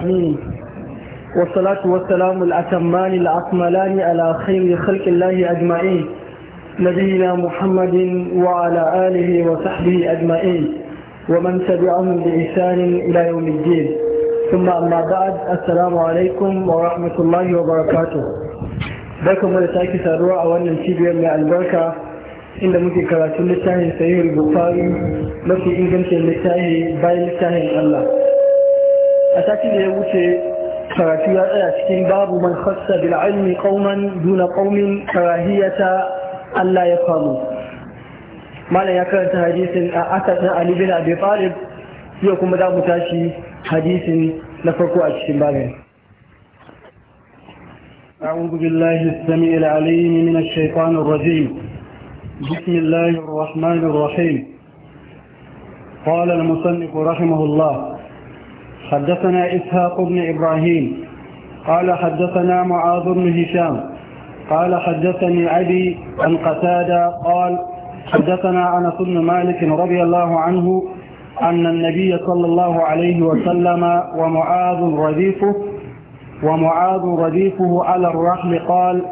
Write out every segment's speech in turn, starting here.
العالمين والصلاة والسلام الأتمان الأكملان على خير خلق الله أجمعين نبينا محمد وعلى آله وصحبه أجمعين ومن تبعهم بإحسان إلى يوم الدين ثم أما بعد السلام عليكم ورحمة الله وبركاته بكم da سروع وأن a wannan cibiyar mai albarka inda muke karatun littafin sahihul bukhari mafi ingancin littafi bayan littafin Allah a sati da ya wuce karatu ya tsaya cikin babu man khassa bil'almi ilmi qauman duna qaumin karahiyata Allah ya famu malam ya karanta hadisin a asadin Ali bin Abi Talib yau kuma za mu tashi hadisin na farko a cikin babin أعوذ بالله السميع العليم من الشيطان الرجيم بسم الله الرحمن الرحيم قال المصنف رحمه الله حدثنا إسحاق بن إبراهيم قال حدثنا معاذ بن هشام قال حدثني أبي عن قتادة قال حدثنا عن بن مالك رضي الله عنه أن النبي صلى الله عليه وسلم ومعاذ رديفه ومعاذ رديفه على الرحل قال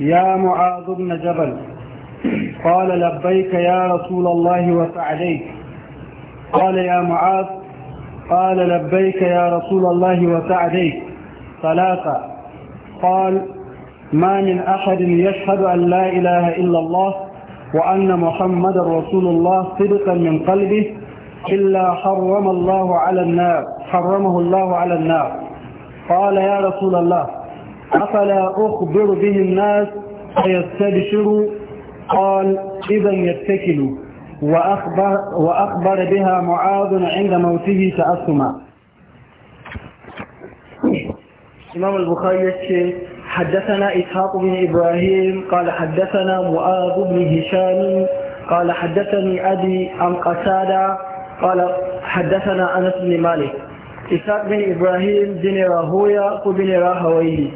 يا معاذ بن جبل قال لبيك يا رسول الله وسعديك قال يا معاذ قال لبيك يا رسول الله وسعديك ثلاثة قال ما من أحد يشهد أن لا إله إلا الله وأن محمد رسول الله صدقا من قلبه إلا حرم الله على النار حرمه الله على النار قال يا رسول الله أفلا أخبر به الناس فيستبشروا قال إذا يتكلوا وأخبر, وأخبر بها معاذ عند موته تأثما إمام البخاري حدثنا إسحاق بن إبراهيم قال حدثنا معاذ بن هشام قال حدثني أبي عن قسادة قال حدثنا أنس بن مالك إسحاق بن إبراهيم بن راهويا بن راهويه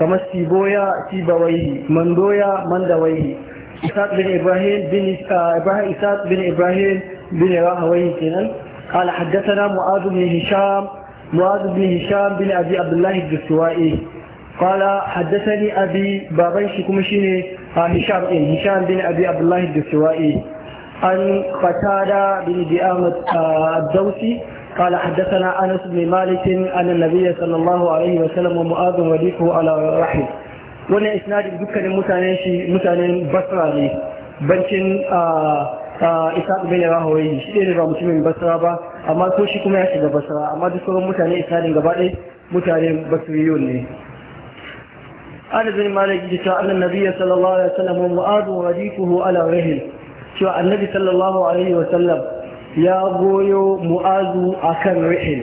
كما سيبويا سيبويه من دويه إسحاق بن إبراهيم بن إبراهيم إسحاق بن إبراهيم بن راهويه كنان قال حدثنا معاذ بن هشام معاذ بن هشام بن أبي عبد الله الدستوائي قال حدثني أبي بابي شكمشيني هشام إن هشام بن أبي عبد الله الدستوائي عن قتادة بن ديامة الدوسي قال حدثنا أنس بن مالك أن النبي صلى الله عليه وسلم ومؤاذ وديكه على رحمه wannan isnadin dukkanin mutanen shi mutanen basra ne bancin isa bin rahawayi shi ɗaya ne ba mutumin basra ba amma ko shi kuma ya shiga basra amma duk sauran mutane isnadin gaba ɗaya mutanen basriyon ne أنس بن مالك جاء أن النبي صلى الله عليه وسلم ومعاذ رديفه على رهن شو النبي صلى الله عليه وسلم يا بويو معاذ أكن رهن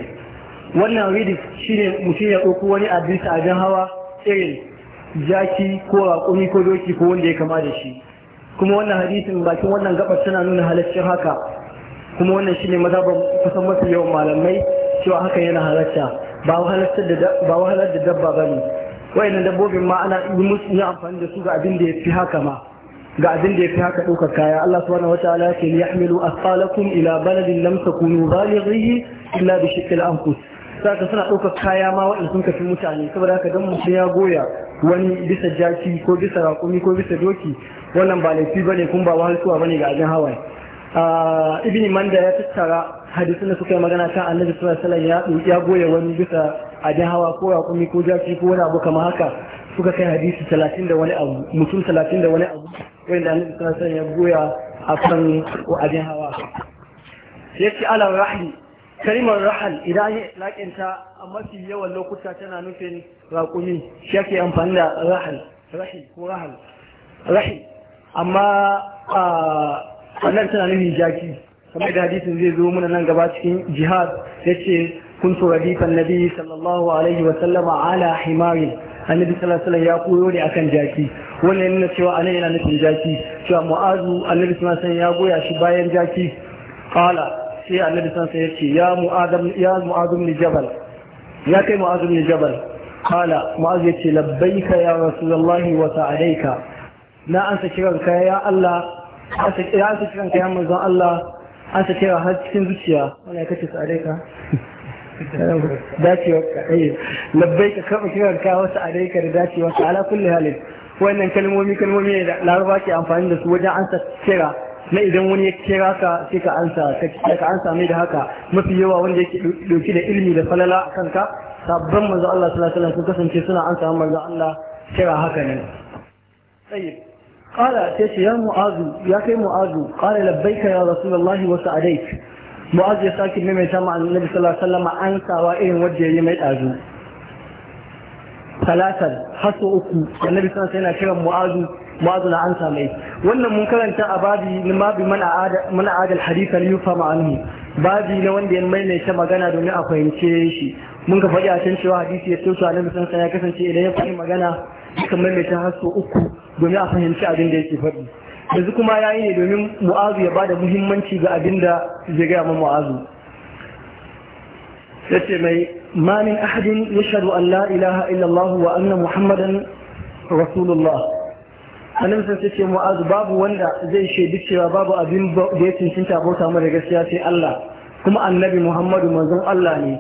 wannan ridif shine mutum ya ɗauko wani abinci a hawa irin jaki ko raƙumi ko doki ko wanda ya kama da shi kuma wannan hadisin bakin wannan gabar tana nuna halaccin haka kuma wannan shine mazhaban kusan mafi yawan malamai cewa haka yana halatta ba wa halar da dabba ba ne wayannan dabbobin ma ana yi musu amfani da su ga abin da yafi haka ma ga abin da yafi haka ɗaukar kaya Allah subhanahu wataala yake yahmilu asqalakum ila baladin lam takunu balighihi illa bi shiqqil anfus saka suna ɗaukar kaya ma wanda sun kafi mutane saboda haka dan mutum ya goya wani bisa jaki ko bisa raƙumi ko bisa doki wannan ba laifi bane kuma ba ba bane ga abin hawaye ibn manda ya tattara hadisin da suka yi magana kan annabi sallallahu alaihi wasallam ya goya wani bisa abin hawa ko raƙumi ko jaki ko wani abu kamar haka suka kai hadisi talatin da wani abu mutum talatin da wani abu wanda annabi sallallahu alaihi wasallam ya goya a kan abin hawa yace ala rahli kalimar rahal idan ya laƙinta a mafi yawan lokuta tana nufin raƙumi shi ake amfani da rahal rahi ko rahal rahi amma a nan tana nufin jaki kamar da hadisin zai zo muna nan gaba cikin jihad ya ce kun radifan nabi sallallahu alaihi wa sallama ala himari annabi sallallahu alaihi ya koyo ne akan jaki wannan yana cewa anan yana nufin jaki cewa mu'azu annabi sallallahu alaihi ya goya shi bayan jaki qala sai annabi sansa ya ce ya mu'adam ni jabal ya kai mu'adam ni jabal kala mu'az ya ce labbaika ya rasulullahi wa sa'alaika na ansa kiran ka ya Allah ya ansa kiran ka ya manzon Allah ansa kira har cikin zuciya wala kace sa'alaika dacewa ka ai eh, labbaika ka kiran ka wa sa'alaika da dacewa ala kulli halin wannan kalmomi kalmomi ne da laraba ke amfani da su wajen ansa kira na idan wani ya kira ka sai ka ansa ka ansa mai da haka mafi yawa wanda yake dauki da ilimi da falala a kanka sabban manzo Allah sallallahu alaihi wasallam kasance suna ansa manzo Allah kira haka ne tayyib qala sai ce ya mu'azu ya kai mu'azu qala labbaika ya rasulullahi wa sa'adaik mu'azu ya saki mai ta ma annabi sallallahu alaihi wasallam ansawa irin wanda yayi mai dazu talatar hasu uku annabi sallallahu alaihi wasallam yana kiran mu'azu mu'azu na ansa mai wannan mun karanta a babi babi mana adal hadithan yufama anhu babi na wanda ya maimaita magana domin a fahimce shi mun ka faɗi cewa hadisi ya tausa a nabi sansa ya kasance idan ya faɗi magana suka maimaita har sau uku domin a fahimci abin da yake faɗi yanzu kuma ya yi ne domin mu'azu ya bada muhimmanci ga abinda da gaya ma mu'azu yace mai ma min ahadin yashhadu an la ilaha illallah wa anna muhammadan rasulullah annabi sun ce mu'azu babu wanda zai shaidu cewa babu abin da ya cincinta bauta mu da gaskiya sai Allah kuma annabi Muhammadu manzon Allah ne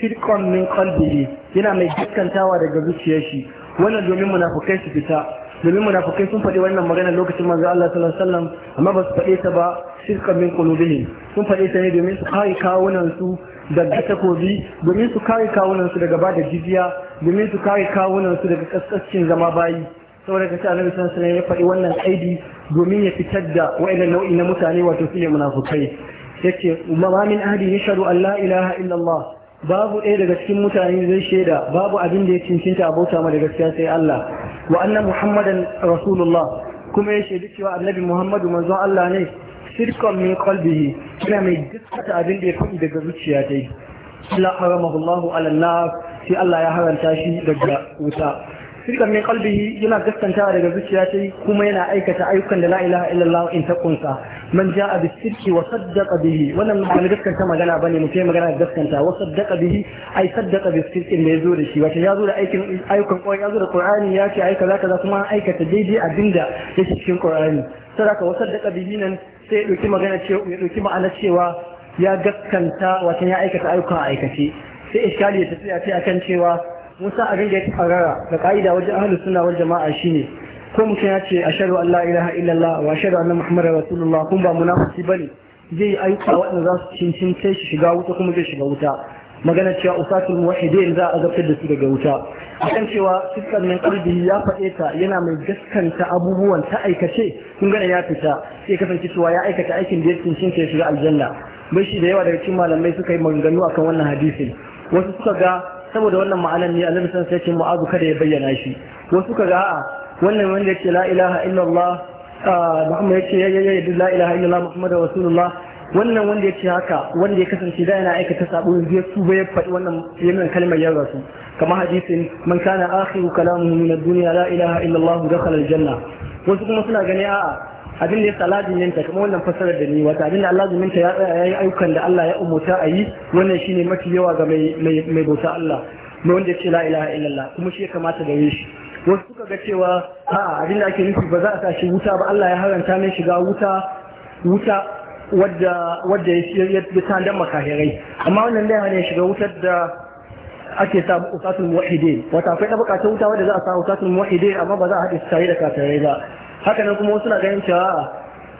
sirkon min qalbihi yana mai gaskantawa daga zuciyar shi wannan domin munafukai su fita domin munafukai sun faɗi wannan magana lokacin manzo Allah sallallahu alaihi wasallam amma ba su faɗe ta ba sirkon min qulubihim sun faɗe ta ne domin su kai kawunan su daga takobi domin su kai kawunan su daga bada jiziya, domin su kai kawunan su daga kaskascin zama bayi saboda ka annabi sallallahu alaihi ya faɗi wannan aidi domin ya fitar da wa'annan nau'i na mutane wato su ne munafukai yace ma min ahadi yashhadu an la ilaha illa Allah babu ɗaya daga cikin mutane zai shaida babu abin da ya cincinta a bauta ma da gaskiya sai Allah wa anna muhammadan rasulullah kuma ya shaidi cewa annabi muhammadu manzo Allah ne sirkon min qalbihi Kina mai dukkan abin da ya faɗi daga zuciya ta yi Allah haramahu Allah ala sai Allah ya haranta shi daga wuta sirkan min qalbihi yana gaskantawa daga zuciya ta kuma yana aikata ayyukan da la ilaha illallah in ta kunsa man jaa bis sirki wa saddaqa bihi wannan ba gaskanta magana bane mutum magana da gaskanta wa saddaqa bihi ai saddaqa bis sirki da yazo da shi wato yazo da aikin ayyukan ko yazo da qur'ani ya ce ai kaza kaza kuma aikata daidai abinda yake cikin qur'ani saraka wa saddaqa bihi nan sai ya dauki magana cewa ya dauki ma'ana cewa ya gaskanta wato ya aikata ayyukan aikace sai iskali ya tafi a kan cewa musa abin da ya karara ga ka'ida wajen ahlu sunna wal jama'a shine ko mutum ya ce ashhadu an la ilaha illallah wa ashhadu anna muhammadar rasulullah kun ba munafiki ne. zai a waɗanda za su cincin sai shi shiga wuta kuma zai shiga wuta magana cewa usatul muwahhidin za a zartar da su daga wuta akan cewa sukkan nan qalbi ya faɗe ta yana mai gaskanta abubuwan ta aikace kun gane ya fita sai kasance cewa ya aikata aikin da ya cincin sai shiga aljanna bai shi da yawa daga cikin malamai suka yi maganganu akan wannan hadisin wasu suka ga saboda wannan ma'anar ne annabi sallallahu alaihi wasallam mu'azu kada ya bayyana shi wasu kaga a'a wannan wanda yake la ilaha illallah Muhammad yake ya ya ya la ilaha illallah Muhammadur rasulullah wannan wanda yake haka wanda ya kasance da yana aikata sabo yanzu ya tuba ya faɗi wannan yamin kalmar ya rasu kamar hadisin man kana akhiru kalamuhu min ad-dunya la ilaha illallah dakhala al-janna wasu kuma suna gani a'a abin da ya salazimin ta kamar wannan fasarar da ni wata abin da alazimin ta ya tsaya yayi ayyukan da Allah ya umuta a yi wannan shine mafi yawa ga mai mai bauta Allah mai wanda ya ce la ilaha illallah kuma shi ya kamata da yi shi wasu suka ga cewa a'a abin da ake nufi ba za a sa shi wuta ba Allah ya haranta mai shiga wuta wuta wadda wadda ya tandan makahirai amma wannan da ne shiga wutar da ake sa usatul muwahhidin wata akwai da bukatun wuta wadda za a sa usatul muwahhidin amma ba za a haɗe su tare da kafirai ba haka nan kuma wasu na ganin cewa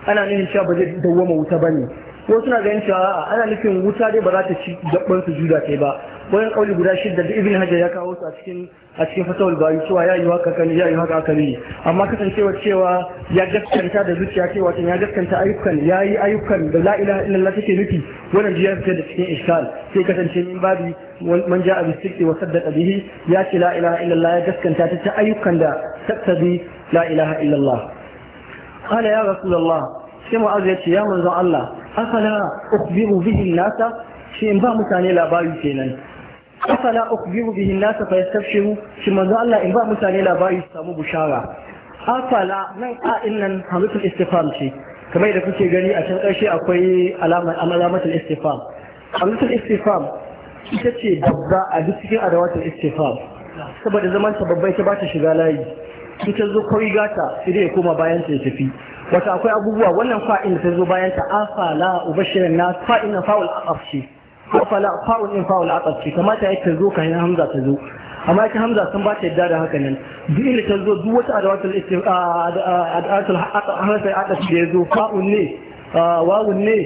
ana nufin cewa ba zai dawwama wuta ba ne wasu na ganin cewa ana nufin wuta dai ba za ta ci gaban su juda kai ba wani kauli guda shidda da ibn hajar ya kawo su a cikin a cikin fasahul bayu cewa ya yi haka kan ya yi haka aka yi amma kasancewa cewa ya gaskanta da zuciya cewa ya gaskanta ayyukan ya yi ayyukan da la ilaha illallah take nufi wannan jiya fitar da cikin iskal sai kasance min babi man ja'a bi sirri wa saddaqa bihi ya ce la ilaha illallah ya gaskanta ta ayyukan da tattabi la ilaha illallah qala ya rasulullah sai mu'az ya ce ya manzon Allah afala ukhbiru bihi nasa shi in ba mutane labari kenan afala ukhbiru bihi nasa fa yastabshiru shi manzon Allah in ba mutane labari su samu bushara afala nan ka'in nan hamzatul istifham ce kamar da kuke gani a can ƙarshe akwai alamatul istifham hamzatul istifham ita ce babba a duk cikin adawatul istifham saboda zaman babba ita ba shiga layi in ta zo kawai gata sai ya koma bayan ta ya tafi wata akwai abubuwa wannan fa'in da ta zo bayan ta afala ubashirin na fa'in na fa'ul aqaf ce afala fa'ul in fa'ul aqaf ce kamata ya ta zo kan hamza ta zo amma ita hamza sun ba ta yadda da haka nan duk inda ta zo duk wata adawatul adawatul harfa aqaf da ya zo fa'un ne wawun ne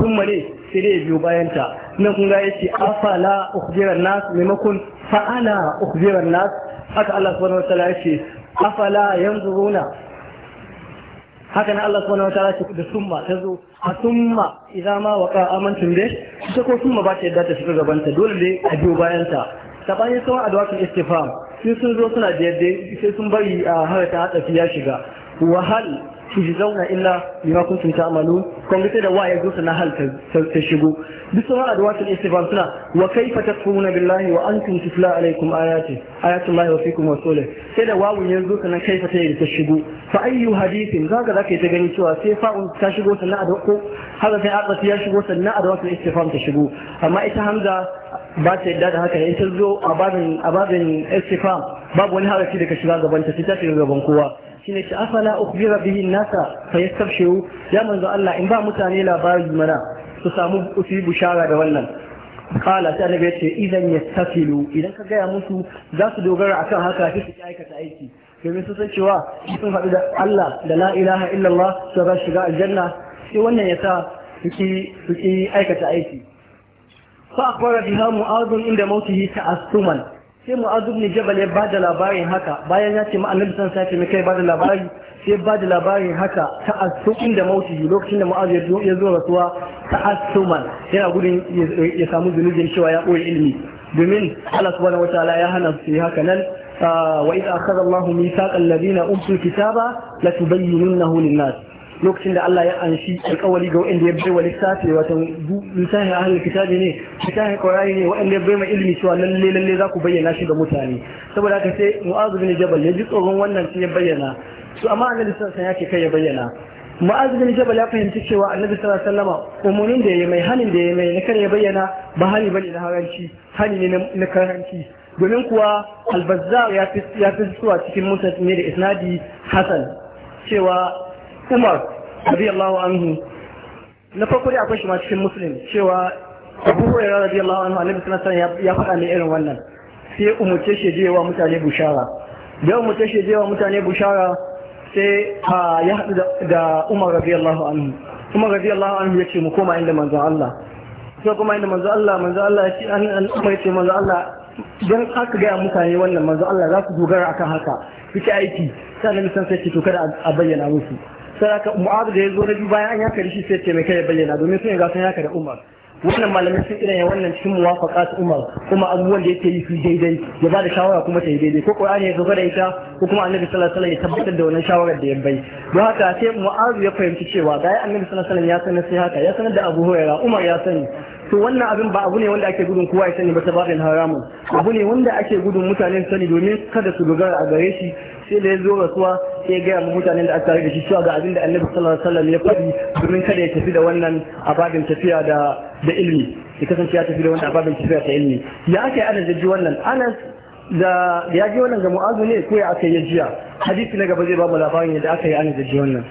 summa ne sai dai biyo bayan ta nan kun ga yace afala ukhbiran nas maimakon fa'ala ukhbiran nas haka Allah subhanahu wa ta'ala yace afala yanzuruna haka na Allah subhanahu wataala ce da summa ta zo a summa idza ma waqa amantum bi ita ko summa ba ta yadda ta shiga gaban ta dole ne a biyo bayan ta sabanin sauran adwatul istifham sai sun zo suna da yadda sai sun bari a ah, harata hadafi ya shiga wahal tujzauna illa bima kuntum ta'malun kun ga sai da waye zo na hal ta shigo duk sun hada da wasu istifam suna wa kaifa takfuruna billahi wa antum tutla alaikum ayati ayatullahi wa fikum rasulih sai da wawun ya zo sannan kaifa ta yi ta shigo fa ayyu hadithin zaka zaka ta gani cewa sai fa'un ta shigo sannan a dauko haka sai aqati ya shigo sannan a da wasu ta shigo amma ita hamza ba ta yadda da haka in ta zo a babin a babin istifam babu wani harafi da ka shiga gaban ta sai ta shiga gaban kowa shine shi afala ukhbira bihi nasa fa yastabshiru ya manzo Allah in ba mutane labari mana su samu su yi bushara da wannan kala sai annabi yace idan yastafilu idan ka gaya musu za su dogara akan haka sai su aikata aiki domin su san cewa sun faɗi da Allah da la ilaha illallah su za shiga aljanna sai wannan yasa suki suke aikata aiki fa akhbara biha mu'adun inda mautihi ta'assuman sai mu'azu ibn jabal ya bada labarin haka bayan ya ce ma'anar san sai mai kai bada labari sai bada labarin haka ta ta'assumin da mauti lokacin da mu'azu ya zo rasuwa ta ta'assuman yana gudun ya samu zunubin cewa ya koyi ilimi domin Allah subhanahu wataala ya hana su haka nan ah, wa idza akhadha Allahu mithaqa alladhina utul kitaba latubayyinunahu lin-nas lokacin da Allah ya anshi alƙawari ga waɗanda ya bai wa lissafi wato lissafi a hannun kitabi ne littafin ƙwarari ne waɗanda ya bai ma ilimi cewa lalle lalle za ku bayyana shi ga mutane saboda haka sai mu'azu bin jabal ya ji tsoron wannan sai ya bayyana su amma annabi sallallahu alaihi wasallam ya kai ya bayyana mu'azu bin jabal ya fahimci cewa annabi sallallahu alaihi wasallam umurin da ya mai hanin da ya mai na kare bayyana ba hani bane na haranci hani ne na karanci domin kuwa albazza ya fi zuwa cikin mutane da isnadi hasan cewa Umar radiyallahu anhu na farko dai akwai shi cikin muslim cewa abu hurairah radiyallahu anhu annabi sallallahu alaihi wasallam ya faɗa mai irin wannan sai umurce shi je je wa mutane bushara sai ya haɗu da Umar radiyallahu anhu Umar radiyallahu anhu ya ce mu koma inda manzo Allah sai kuma inda manzo Allah manzo Allah ya ce manzo Allah dan aka gaya mutane wannan manzo Allah za su dogara akan haka suke aiki sai Annabi san sai ce to kada a bayyana musu saraka mu'adu da ya zo na biyu bayan an yaka shi sai taimaka ya bayyana domin sun yaga sun yaka da umar wannan malamai sun irin wannan cikin muwafaka su umar kuma abubuwan da yake yi su daidai ya ba da shawara kuma ta yi daidai ko qur'ani ya zo da ita ko kuma annabi sallallahu alaihi wasallam ya tabbatar da wannan shawarar da ya bai don haka sai mu'adu ya fahimci cewa ga annabi sallallahu alaihi wasallam ya sanar sai haka ya sanar da abu hurairah umar ya sani to wannan abin ba abu ne wanda ake gudun kowa ya sani ba ta babin haramun abu ne wanda ake gudun mutane sani domin kada su dogara a gare shi sai da ya zo rasuwa sai ya gaya mu mutanen da aka tare da shi cewa ga abin da annabi sallallahu alaihi wasallam ya faɗi domin kada ya tafi da wannan ababin tafiya da da ilmi ya kasance ya tafi da wannan ababin tafiya ta ilmi ya aka yi anas da ji wannan anas da ya ji wannan ga mu'azu ne ko ya aka yi jiya hadisi na gaba zai ba mu labarin yadda aka yi anas da ji wannan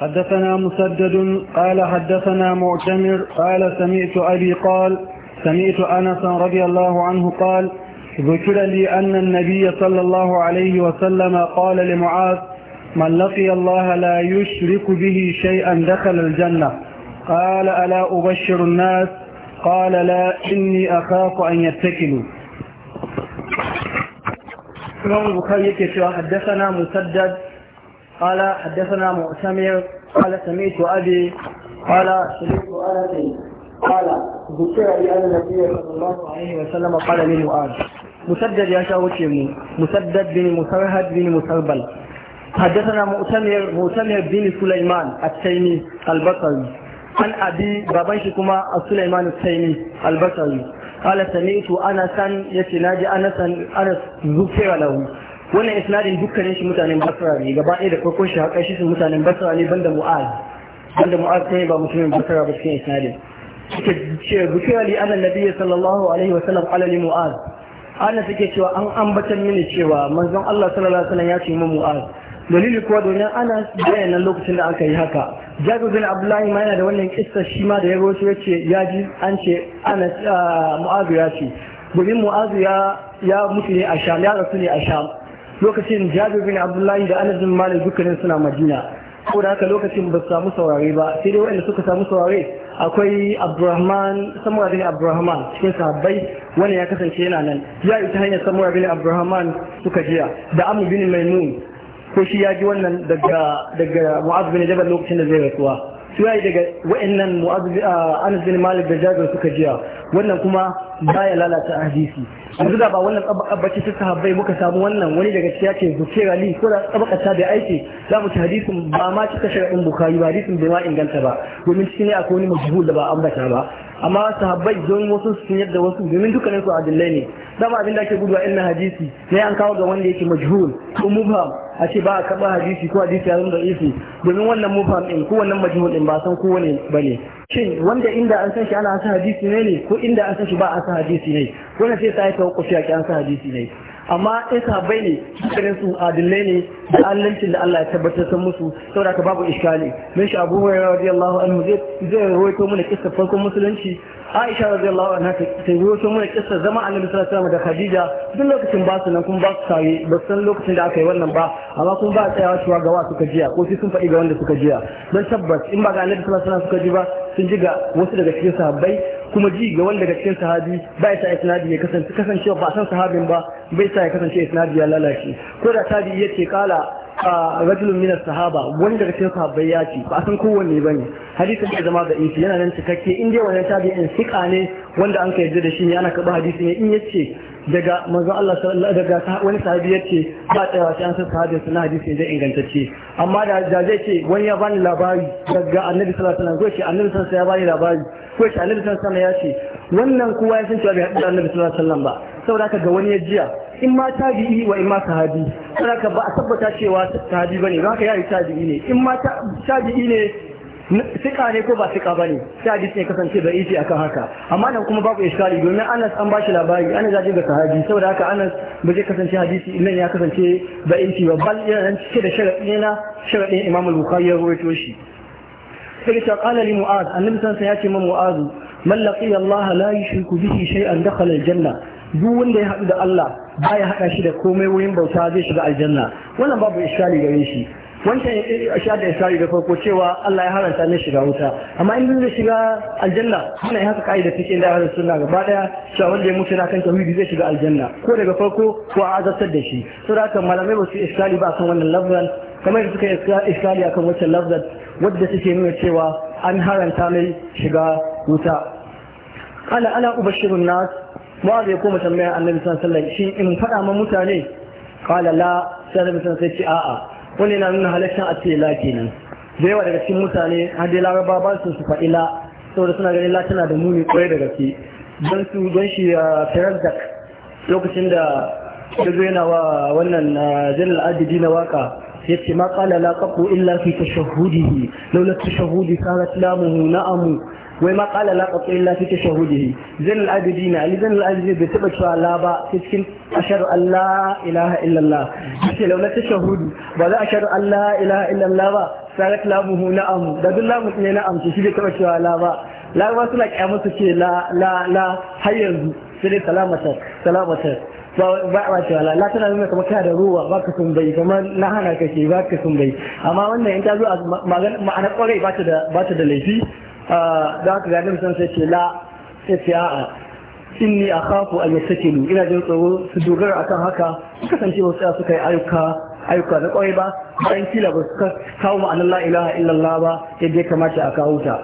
حدثنا مسدد قال حدثنا معتمر قال سمعت أبي قال سمعت أنسا رضي الله عنه قال ذكر لي أن النبي صلى الله عليه وسلم قال لمعاذ من لقي الله لا يشرك به شيئا دخل الجنة قال ألا أبشر الناس قال لا إني أخاف أن يتكلوا إمام البخاري كتب حدثنا مسدد قال حدثنا مؤتمر قال سمعت أبي قال سميت أبي قال ذكر لأن النبي صلى الله عليه وسلم قال لمعاذ مسدد يا شاوتي مسدد بن مسرهد بن مسربل حدثنا مؤتمر مؤتمر بن سليمان التيمي البصري عن أبي بابنشكما سليمان التيمي البصري قال سمعت أنسا يتناجي أنسا أنس ذكر له wannan isnadin dukkanin shi mutanen basra ne gaba ɗaya da farkon shi haƙa shi mutanen basra ne banda mu'az banda mu'az ne ba mutumin basra ba cikin isnadin suka cewa bukira li annan nabi sallallahu alaihi wa sallam qala li mu'az ana suke cewa an ambatan mini cewa manzon Allah sallallahu alaihi wa sallam ya ce min mu'az dalili kuwa don ana bayan nan lokacin da aka yi haka jabir bin abdullahi ma yana da wannan kissa shi ma da ya rawaito ya ce ya ji an ce ana mu'azu ya ce domin mu'azu ya ya mutu ne a sham ya rasu ne a sham lokacin jabir bin abdullahi da anas bin malik dukkanin suna madina da haka lokacin ba su samu saurare ba sai dai wanda suka samu saurare akwai abdurrahman samuwa bin abdurrahman cikin sahabbai wani ya kasance yana nan ya ita hanyar samuwa bin abdurrahman suka jiya da amu bin maimun ko shi ya ji wannan daga daga mu'az bin jabal lokacin da zai rasuwa su yayi daga wa'annan mu'az ah, anas bin malik da jabir suka jiya wannan kuma Ba ya lalata hadisi yanzu da ba wannan tsabaka ce ta sahabbai muka samu wannan wani daga cikin yake zuke rali? ko da tsabaka ta da aiki za mu ci hadisin ba ma cika shari'in bukari ba hadisin bai ma inganta ba domin cikin ne akwai wani majhul da ba ambata ba amma sahabbai don wasu sun yadda wasu domin dukkanin su adillai ne dama abin da ake gudu a ilmin hadisi ne an kawo ga wanda yake majhul ko mubham a ce ba a kaba hadisi ko hadisi ya zama da isi domin wannan mubham din ko wannan majhul din ba san kowane bane shin wanda inda an san shi ana san hadisi ne ne ko inda an san shi ba a san hadisi ne wanda sai sai ta hukunci a an san hadisi ne amma in sahabbai ne cikin su adillai ne da allancin da Allah ya tabbatar san musu saboda ka babu iskali min shi Abu Hurairah radiyallahu anhu zai zai rawaito mana kissa farkon musulunci aisha radiyallahu anha ta yi wasu mana kissa zama annabi sallallahu alaihi da khadija duk lokacin ba su nan kuma ba su tare ba san lokacin da aka yi wannan ba amma kuma ba tsayawa cewa ga wa suka jiya ko sai sun faɗi ga wanda suka jiya don tabbas in ba ga annabi sallallahu alaihi suka ji ba sun ji ga wasu daga cikin sahabbai kuma ji ga wanda daga cikin sahabi ba ya sa isnadi ya kasance kasancewa ba san sahabin ba bai sa ya kasance isnadi ya lalace ko da tabi yace kala a rajulun mina sahaba wani daga cikin sahabbai ya ce ba san kowanne ba ne hadisin da zama da ifi yana nan cikakke in dai wannan tabi'in sika ne wanda an ka yarda da shi ne ana karɓar hadisi ne in yace daga manzon Allah sallallahu daga wani sahabi yace ba tsayawa sai an san sahabi sun hadisi ne da ingantacce amma da da zai ce wani ya bani labari daga annabi sallallahu alaihi wasallam ko annabi sallallahu ya bani labari ko annabi sallallahu alaihi wasallam ya ce wannan kowa ya san cewa bai hadisi annabi sallallahu alaihi wasallam ba saboda haka ga wani ya jiya in ma tabi'i wa in ma sahabi saboda ba a tabbata cewa sahabi bane ba haka yayi tabi'i ne in ma tabi'i ne Sika ne ko ba sika bane sai hadisi ne kasance da isi akan haka amma nan kuma babu iskali domin Anas an bashi labari ana ya ga sahabi saboda haka Anas ba zai kasance hadisi nan ya kasance da isi ba bal nan cike da sharadi na sharadin Imam Bukhari ya rawaito shi sai ta kala li Mu'az annabi ya ce ma Mu'az man laqiya Allah la yushriku bihi shay'an dakhala al-janna duk wanda ya haɗu da Allah ba ya haɗa shi da komai wurin bauta zai shiga aljanna wannan babu ishali gare shi wancan sha da ishari da farko cewa Allah ya haranta ne shiga wuta amma in zai shiga aljanna muna yi haka ka'ida cikin da yaran suna gaba daya cewa wanda ya mutu na kan tauhidi zai shiga aljanna ko daga farko ko a azabtar da shi saboda haka malamai ba su iskali ba akan wannan lafzan kamar da suka yi ishali akan wancan lafzan wadda suke nuna cewa an haranta mai shiga wuta ala ala ubashirun nas mu'az ya koma tambaya annabi sallallahu alaihi wasallam shin in faɗa ma mutane qala la sai sallallahu alaihi wasallam sai ce a'a wani na nuna halaccin a ce la kenan da yawa daga cikin mutane har dai laraba ba su su faɗi la saboda suna ganin la tana da muni kwarai da gaske don su don shi uh, lokacin da ya zo yana wa wannan jinnal uh, adidi na waka ya ce ma kala la kafu illa fi tashahudihi laula tashahudi sarat lamuhu na'amu wai ma kala la qatu illa fi tashahudihi zan al-abidin ali zan al-abidin bai taba cewa la ba cikin ashhadu an la ilaha allah sai laula tashahudu ba za ashhadu an la ilaha allah ba sarat lamuhu na'am da la mu ne na'am shi bai taba cewa la ba la ba suna kyamar musu ce la la la har yanzu sai dai salamatar salamatar ba ba cewa la tana nuna kamar kana da ruwa ba ka bai kamar na hana kake ba ka bai amma wannan in ta zo a ma'anar kwarai ba ta da laifi da haka gani nan sai ce la sai ce a inni akhafu an yastakilu ina jin tsoro su dogara akan haka kasance wasu su suka yi ayyuka ayyuka na kwai ba bayan kila ba su kawo ma'anar la ilaha illallah ba yadda ya kamata a kawo ta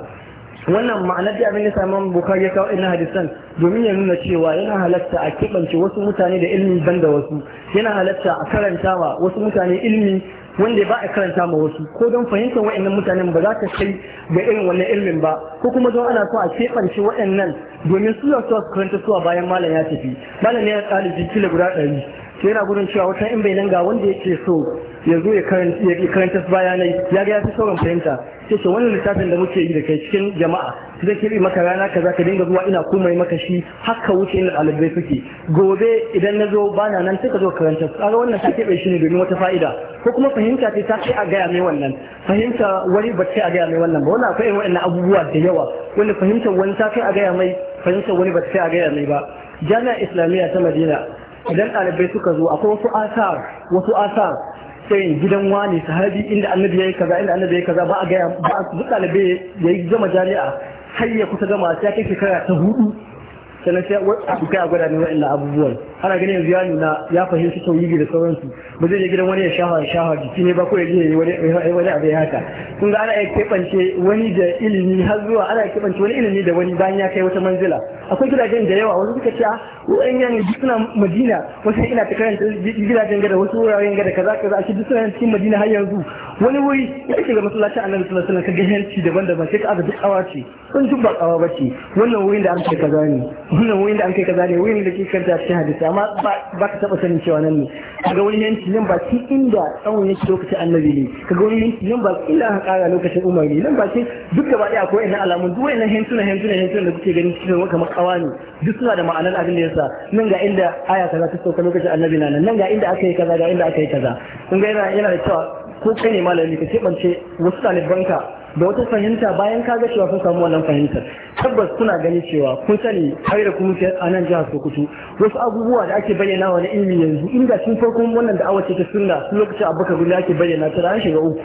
wannan ma'anar da abin da saman bukari ya kawo ina hadisan domin ya nuna cewa yana halatta a keɓance wasu mutane da ilmi ban da wasu yana halatta a karanta wa wasu mutane ilmi wanda ba a karanta ma wasu ko don fahimtar waɗannan mutanen ba za ka kai ga irin wannan ilimin ba ko kuma don ana so a keɓance waɗannan domin su za su karanta suwa bayan malam ya tafi malam ya ɗalibi kila guda ɗari sai yana gudun cewa wata in bai nan ga wanda yake so Yanzu ya karanta bayanai ya ga ya fi sauran fahimta sai ce wannan littafin da muke yi da kai cikin jama'a zai kirɓe maka rana kaza ka dinga zuwa ina komai maka shi haka wuce inda ɗalibai suke gobe idan na zo bana nan sai ka zo karanta kaga wannan ta keɓe shi ne domin wata fa'ida ko kuma fahimta ce ta ce a gaya mai wannan fahimta wani ba ce a gaya mai wannan ba wannan akwai irin abubuwa da yawa wanda fahimtar wani ta kai a gaya mai fahimtar wani ba ta kai a gaya mai ba jami'a islamiyya ta madina idan ɗalibai suka zo akwai wasu asar wasu asar sai gidan wani sahabi inda annabi yayi kaza inda annabi yayi kaza ba a ga ba a duk dalibai yayi gama jami'a har ya kusa gama sai kai shekara ta hudu sannan sai a kai a gwada ne wa'annan abubuwan ana ganin yanzu ya nuna ya fahimci tauhidi da sauransu ba zai je gidan wani ya shafa shafa jiki ne ba ko ya je wani abu ya haka kun ga ana iya keɓance wani da ilimi har zuwa ana iya keɓance wani ilimi da wani bayan ya kai wata manzila akwai gidajen da yawa wasu suka ce a ah, wa'in yan suna madina wasu ina ta karanta gidajen gada wasu wuraren gada kaza kaza a shi duk suna cikin madina har yanzu wani wuri ya shiga masallacin annabi sallallahu alaihi wasallam ga hanci daban-daban sai ka aka duk awa ce sun duk ba awa ce wannan wurin da an kai kaza ne wannan wurin da an kai kaza ne wurin da ke karanta cikin hadisi Amma ma ba ka taba sanin cewa nan ne kaga wani yanki nan ba inda tsawon yake lokacin annabi ne kaga wani yanki nan ba illa ka kara lokacin umar ne nan ba ce duk gaba daya akwai ina alamun duk wannan hentuna hentuna hentuna da kuke ganin cikin wani kamar kawa ne duk suna da ma'anar abin da yasa nan ga inda aya kaza ta sauka lokacin annabi na nan nan ga inda aka yi kaza ga inda aka yi kaza kun ga yana yana da cewa ko kai ne malami ka ce ban ce wasu ɗalibanka da wata fahimta bayan ka ga cewa kun samu wannan fahimtar tabbas kuna ganin cewa kun sani har da kuma a nan jihar Sokoto wasu abubuwa da ake bayyana wa na ilimi yanzu inda tun farkon wannan da awace ta sunna lokacin abubakar gudu ake bayyana ta ran shiga uku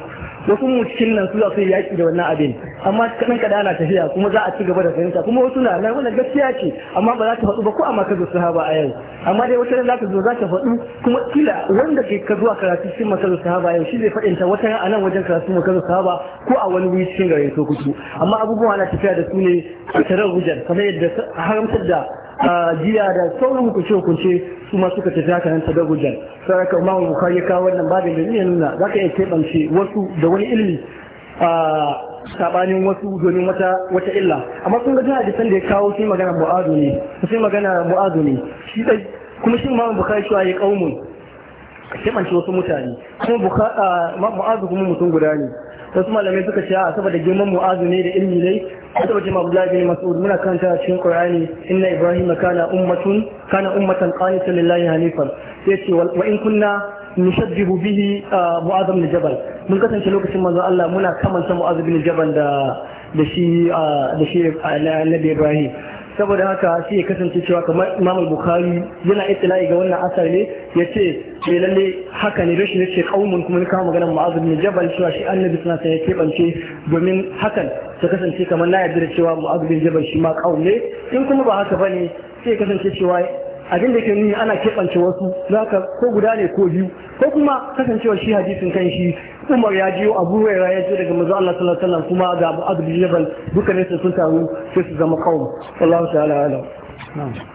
wasu mu cikin nan su za su yaki da wannan abin amma kan kadan ana tafiya kuma za a ci gaba da fahimta kuma wasu na nan wannan gaskiya ce amma ba za ta faɗu ba ko a ka zo sahaba a yau amma dai wata ran za ta zo za ta faɗu kuma kila wanda ke ka zuwa karatu cikin makarar sahaba yau shi zai faɗinta wata ran a nan wajen karatu makarar sahaba ko a wani wuri cikin garin sokoto amma abubuwa na tafiya da su ne a tarar wujar kamar yadda haramtar da jiya da sauran hukunce hukunce su ma suka tafi haka nan tadagujan saraka imamu bukhari ya kawo wannan babin da ya nuna Za ka iya keɓance wasu da wani a sabanin wasu domin wata illa amma sun ga hadisan da ya kawo sai magana mu'adu ne sai magana mu'adu ne shi dai kuma shi imamu bukhari shi ya kaumun ka kimanta wasu mutane kuma mu'azu kuma mutum guda ne wasu malamai suka ce a saboda girman mu'azu ne da ilmi ne a saboda jima abdullahi bin mas'ud muna kanta cikin qur'ani inna ibrahim kana ummatun kana ummatan qanitan lillahi hanifan sai ce wa in kunna nushabbihu bihi mu'azu bin jabal mun kasance lokacin manzo Allah muna kamanta mu'azu bin jabal da da shi da shi annabi ibrahim saboda haka shi ya kasance cewa kamar imam bukhari yana itila'i ga wannan asar ne ya ce ke eh, lalle haka ne rashin yace kaumun kuma kawo magana ma'azu ne jabal cewa shi annabi suna sai ya keɓance domin hakan ta kasance kamar na yadda da cewa mu'azu bin jabal shi ma kaum ne in kuma ba haka bane sai ya kasance cewa abin da ke nuni ana kebance wasu ka ko guda ne ko biyu ko kuma kasancewa shi hadisin kan shi Umar ya jiyo Abu Hurairah ya ce daga manzo Allah sallallahu alaihi kuma ga Abu Jabal dukkanin su sun taru sai su zama kaum sallallahu ta'ala alaihi